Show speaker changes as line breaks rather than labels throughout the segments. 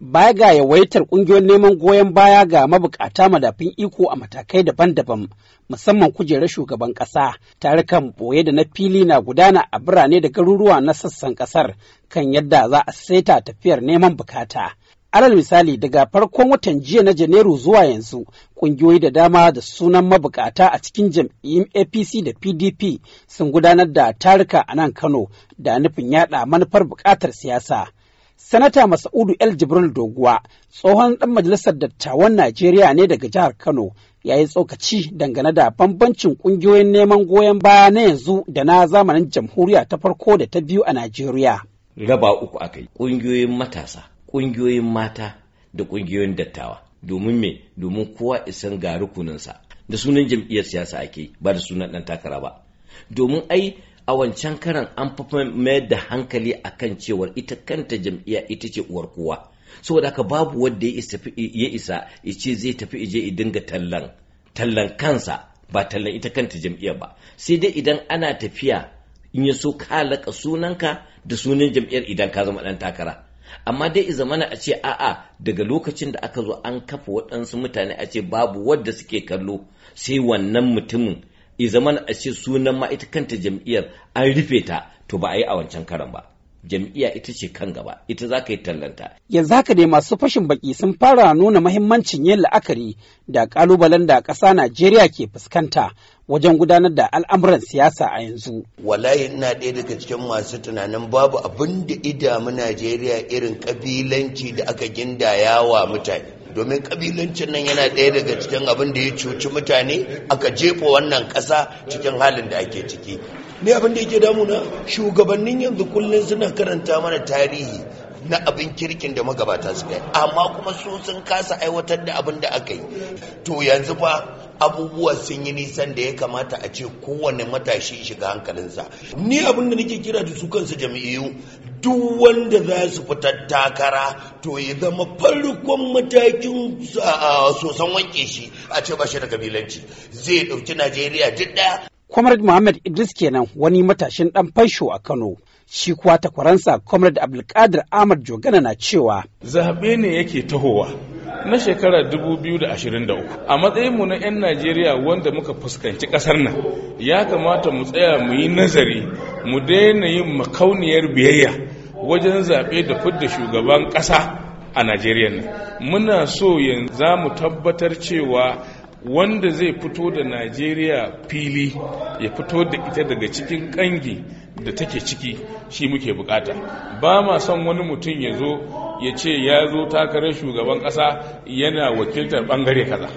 Baya ga yawaitar ƙungiyoyin neman goyon baya ga mabukata madafin iko a matakai daban-daban musamman kujerar shugaban ƙasa tare kan ɓoye da na fili na gudana a birane da garuruwa na sassan ƙasar kan yadda za a saita tafiyar neman bukata. alal misali daga farkon watan jiya na janairu zuwa yanzu ƙungiyoyi da dama da sunan mabukata a cikin jam'iyyun apc da pdp sun gudanar da tarika a nan kano da nufin yada manufar bukatar siyasa Sanata Masa'udu El Jibril Doguwa tsohon ɗan majalisar dattawan Najeriya ne daga jihar Kano ya yi tsokaci dangane da bambancin ƙungiyoyin neman goyon baya na yanzu da na zamanin jamhuriya ta farko da ta biyu a Najeriya.
Raba uku aka yi ƙungiyoyin matasa, ƙungiyoyin mata da ƙungiyoyin dattawa. Domin me? Domin kowa isan ga rukuninsa. Da sunan jam'iyyar siyasa ake ba da sunan ɗan takara ba. Domin ai a wancan karan an fi mayar da hankali a kan cewar ita kanta jam'iyya ita ce uwar kowa saboda haka babu wanda ya isa ya ce zai tafi ije ya dinga tallan tallan kansa ba tallan ita kanta jam'iyya ba sai dai idan ana tafiya in ya so ka sunanka da sunan jam'iyyar idan ka zama ɗan takara amma dai i zamana a ce a'a daga lokacin da aka zo an kafa waɗansu mutane a ce babu wadda suke kallo sai wannan mutumin i zaman a ce sunan ma ita kanta jam'iyyar an rufe ta to ba a yi a wancan karan ba jam'iyya ita ce kan gaba ita za ka yi tallanta.
Yanzu haka ne masu fashin baki sun fara nuna mahimmancin yin la'akari da kalubalen da ƙasa Najeriya ke fuskanta wajen gudanar da al'amuran siyasa a yanzu.
Wallahi ina ɗaya daga cikin masu tunanin babu abin da idamu Najeriya irin ƙabilanci da aka gindaya wa mutane. domin kabilancin nan yana ɗaya daga cikin abin da ya cuci mutane aka jefa wannan ƙasa cikin halin da ake ciki ne abin da yake damuna shugabannin yanzu kullum suna karanta mana tarihi na abin kirkin da magabata suka yi amma kuma su sun kasa aiwatar da abin da aka yi to yanzu fa abubuwa sun yi nisan da ya kamata a ce kowane matashi shiga hankalinsa ni abin da nake kira da su kansu jam'iyyu duk wanda za su fita takara to ya zama farkon matakin sosan wanke shi a ce ba shi da kabilanci zai ɗauki najeriya duk ɗaya
Comrade Muhammad Idris kenan wani matashin ɗan fansho a Kano. Shi kuwa takwaransa Comrade Abdulkadir Ahmad Jogana na cewa.
Zaɓe ne yake tahowa na shekarar 2023 a matsayinmu na 'yan Najeriya wanda muka fuskanci ƙasar nan ya kamata mu tsaya mu yi nazari mu daina yin makauniyar biyayya wajen zaɓe da fidda shugaban ƙasa a Najeriya nan. Muna so yanzu za mu tabbatar cewa wanda zai fito da najeriya fili ya fito da ita daga cikin kangi da take ciki shi muke bukata ba ma son wani mutum ya zo ya ce ya zo takarar shugaban ƙasa yana wakiltar bangare kaza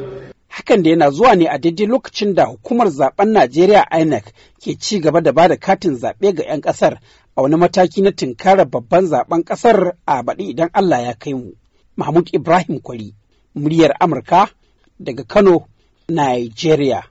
hakan da yana zuwa ne a daidai lokacin da hukumar zaben najeriya inec ke ci gaba da ba da katin zaɓe ga 'yan ƙasar a wani mataki na tunkarar babban zaben ƙasar a baɗi idan allah ya kai mu
mahmud ibrahim kwari muryar amurka daga kano Nigeria.